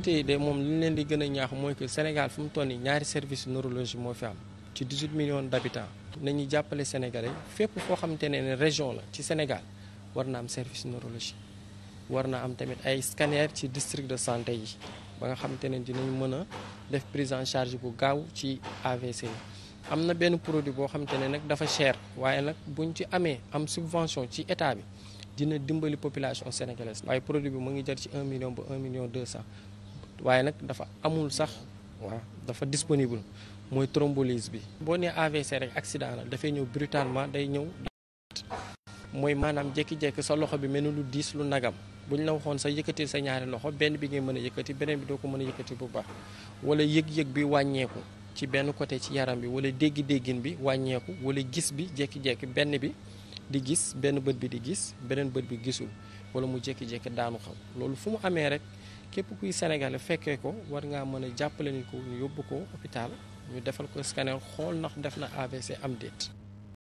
hôpitaux de moom li ñu leen di gën a ñaax mooy que Sénégal fu mu toll nii ñaari service neurologie moo fi am ci 18 millions d'habitants nañu jàppale Sénégalais fépp foo xamante ne ne région la ci Sénégal war na am service neurologie war na am tamit ay scanner ci district de santé yi ba nga xamante ne dinañ mën a def prise en bu gaaw ci AVC am na benn produit boo xamante ne nag dafa cher waaye nag buñ ci amee am subvention ci état bi dina dimbali population sénégalaise waaye produit bi mu ngi jar ci un million ba un million 200 waaye nag dafa amul sax waaw dafa disponible mooy thrombolyse bi. boo nee AVC rek accident la dafay ñëw brutalement day ñëw. mooy maanaam jékki-jékki sa loxo bi mel ni lu diis lu nagam bu ñu la waxoon sa yëkkati sa ñaari loxo benn bi ngay mën a yëkkati beneen bi doo ko mën a yëkkati bu baax wala yëg-yëg bi wàññeeku. ci benn côté ci yaram bi wala dégg-déggin bi wàññeeku wala gis bi jékki-jékki benn bi di gis benn bët bi di gis beneen bët bi gisul wala mu jékki-jékki loolu fu mu amee rek. képp kuy sénégalais fekkee ko war ngaa mën a jàppale ni ko ñu yóbbu ko hôpital ñu defal ko scanner xool ndax def na AVC am déet